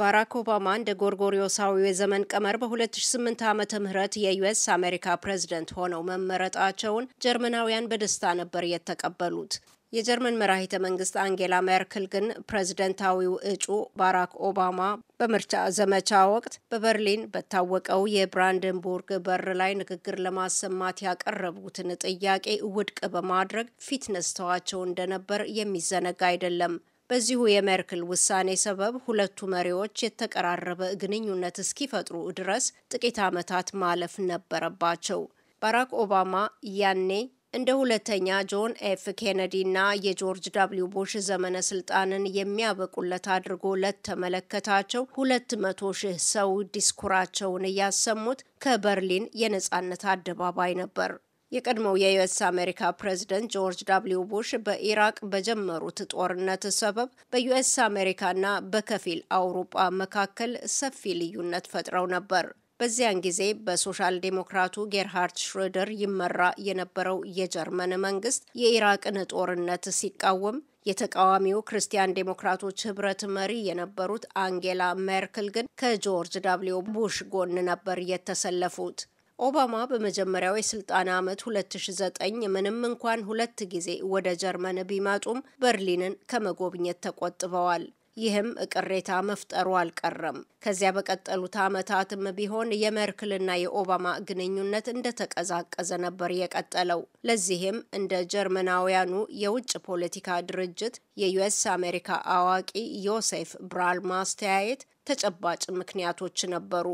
ባራክ ኦባማ እንደ ጎርጎሪዮሳዊ የዘመን ቀመር በ2008 ዓመተ ምህረት የዩኤስ አሜሪካ ፕሬዝደንት ሆነው መመረጣቸውን ጀርመናውያን በደስታ ነበር የተቀበሉት። የጀርመን መራሂተ መንግስት አንጌላ ሜርክል ግን ፕሬዝደንታዊው እጩ ባራክ ኦባማ በምርጫ ዘመቻ ወቅት በበርሊን በታወቀው የብራንደንቡርግ በር ላይ ንግግር ለማሰማት ያቀረቡትን ጥያቄ ውድቅ በማድረግ ፊት ነስተዋቸው እንደነበር የሚዘነጋ አይደለም። በዚሁ የሜርክል ውሳኔ ሰበብ ሁለቱ መሪዎች የተቀራረበ ግንኙነት እስኪፈጥሩ ድረስ ጥቂት ዓመታት ማለፍ ነበረባቸው። ባራክ ኦባማ ያኔ እንደ ሁለተኛ ጆን ኤፍ ኬነዲ እና የጆርጅ ዳብሊው ቡሽ ዘመነ ስልጣንን የሚያበቁለት አድርጎ ለተመለከታቸው ሁለት መቶ ሺህ ሰው ዲስኩራቸውን እያሰሙት ከበርሊን የነጻነት አደባባይ ነበር። የቀድሞው የዩኤስ አሜሪካ ፕሬዚደንት ጆርጅ ዳብሊው ቡሽ በኢራቅ በጀመሩት ጦርነት ሰበብ በዩኤስ አሜሪካና በከፊል አውሮጳ መካከል ሰፊ ልዩነት ፈጥረው ነበር። በዚያን ጊዜ በሶሻል ዴሞክራቱ ጌርሃርድ ሽሮደር ይመራ የነበረው የጀርመን መንግስት የኢራቅን ጦርነት ሲቃወም የተቃዋሚው ክርስቲያን ዴሞክራቶች ህብረት መሪ የነበሩት አንጌላ ሜርክል ግን ከጆርጅ ዳብሊው ቡሽ ጎን ነበር የተሰለፉት። ኦባማ በመጀመሪያው የስልጣን ዓመት 2009 ምንም እንኳን ሁለት ጊዜ ወደ ጀርመን ቢመጡም በርሊንን ከመጎብኘት ተቆጥበዋል። ይህም ቅሬታ መፍጠሩ አልቀረም። ከዚያ በቀጠሉት ዓመታትም ቢሆን የሜርክልና የኦባማ ግንኙነት እንደተቀዛቀዘ ነበር የቀጠለው። ለዚህም እንደ ጀርመናውያኑ የውጭ ፖለቲካ ድርጅት የዩኤስ አሜሪካ አዋቂ ዮሴፍ ብራል ማስተያየት ተጨባጭ ምክንያቶች ነበሩ።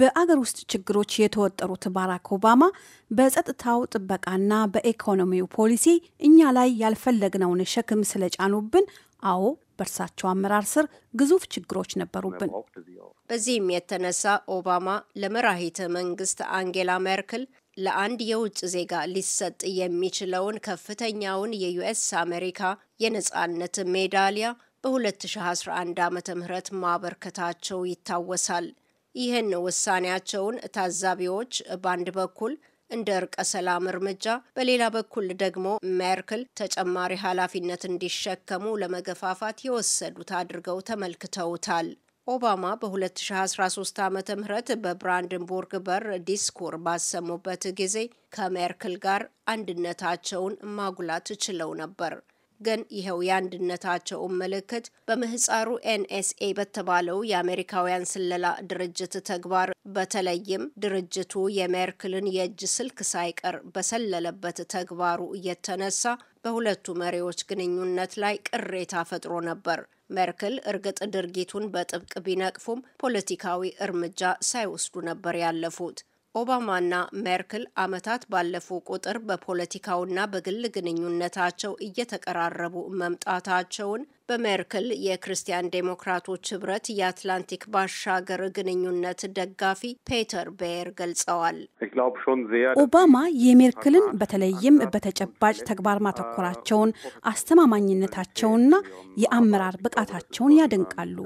በአገር ውስጥ ችግሮች የተወጠሩት ባራክ ኦባማ በጸጥታው ጥበቃና በኢኮኖሚው ፖሊሲ እኛ ላይ ያልፈለግነውን ሸክም ስለጫኑብን አዎ በእርሳቸው አመራር ስር ግዙፍ ችግሮች ነበሩብን። በዚህም የተነሳ ኦባማ ለመራሂተ መንግስት አንጌላ ሜርክል ለአንድ የውጭ ዜጋ ሊሰጥ የሚችለውን ከፍተኛውን የዩኤስ አሜሪካ የነጻነት ሜዳሊያ በ2011 ዓ ም ማበርከታቸው ይታወሳል። ይህን ውሳኔያቸውን ታዛቢዎች በአንድ በኩል እንደ እርቀ ሰላም እርምጃ፣ በሌላ በኩል ደግሞ ሜርክል ተጨማሪ ኃላፊነት እንዲሸከሙ ለመገፋፋት የወሰዱት አድርገው ተመልክተውታል። ኦባማ በ2013 ዓ ም በብራንድንቡርግ በር ዲስኩር ባሰሙበት ጊዜ ከሜርክል ጋር አንድነታቸውን ማጉላት ችለው ነበር። ግን ይኸው የአንድነታቸውን ምልክት በምህፃሩ ኤንኤስኤ በተባለው የአሜሪካውያን ስለላ ድርጅት ተግባር በተለይም ድርጅቱ የሜርክልን የእጅ ስልክ ሳይቀር በሰለለበት ተግባሩ እየተነሳ በሁለቱ መሪዎች ግንኙነት ላይ ቅሬታ ፈጥሮ ነበር። ሜርክል እርግጥ ድርጊቱን በጥብቅ ቢነቅፉም ፖለቲካዊ እርምጃ ሳይወስዱ ነበር ያለፉት። ኦባማና ሜርክል ዓመታት ባለፉ ቁጥር በፖለቲካውና በግል ግንኙነታቸው እየተቀራረቡ መምጣታቸውን በሜርክል የክርስቲያን ዴሞክራቶች ህብረት የአትላንቲክ ባሻገር ግንኙነት ደጋፊ ፔተር ቤየር ገልጸዋል። ኦባማ የሜርክልን በተለይም በተጨባጭ ተግባር ማተኮራቸውን፣ አስተማማኝነታቸውንና የአመራር ብቃታቸውን ያደንቃሉ።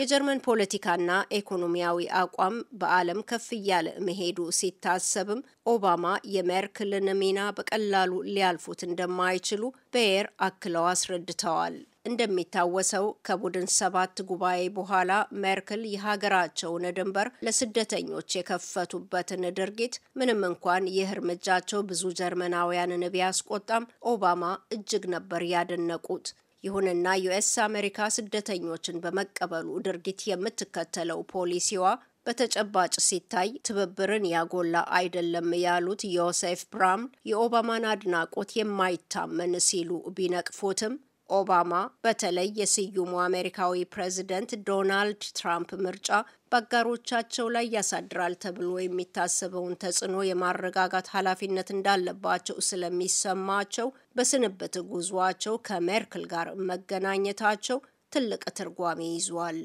የጀርመን ፖለቲካና ኢኮኖሚያዊ አቋም በዓለም ከፍ እያለ መሄዱ ሲታሰብም ኦባማ የሜርክልን ሚና በቀላሉ ሊያልፉት እንደማይችሉ ቤየር አክለው አስረ አስረድተዋል። እንደሚታወሰው ከቡድን ሰባት ጉባኤ በኋላ ሜርክል የሀገራቸውን ድንበር ለስደተኞች የከፈቱበትን ድርጊት ምንም እንኳን ይህ እርምጃቸው ብዙ ጀርመናውያንን ቢያስቆጣም ኦባማ እጅግ ነበር ያደነቁት። ይሁንና ዩኤስ አሜሪካ ስደተኞችን በመቀበሉ ድርጊት የምትከተለው ፖሊሲዋ በተጨባጭ ሲታይ ትብብርን ያጎላ አይደለም ያሉት ዮሴፍ ብራም የኦባማን አድናቆት የማይታመን ሲሉ ቢነቅፉትም ኦባማ በተለይ የስዩሙ አሜሪካዊ ፕሬዚደንት ዶናልድ ትራምፕ ምርጫ በአጋሮቻቸው ላይ ያሳድራል ተብሎ የሚታሰበውን ተጽዕኖ የማረጋጋት ኃላፊነት እንዳለባቸው ስለሚሰማቸው በስንብት ጉዟቸው ከሜርክል ጋር መገናኘታቸው ትልቅ ትርጓሜ ይዟል።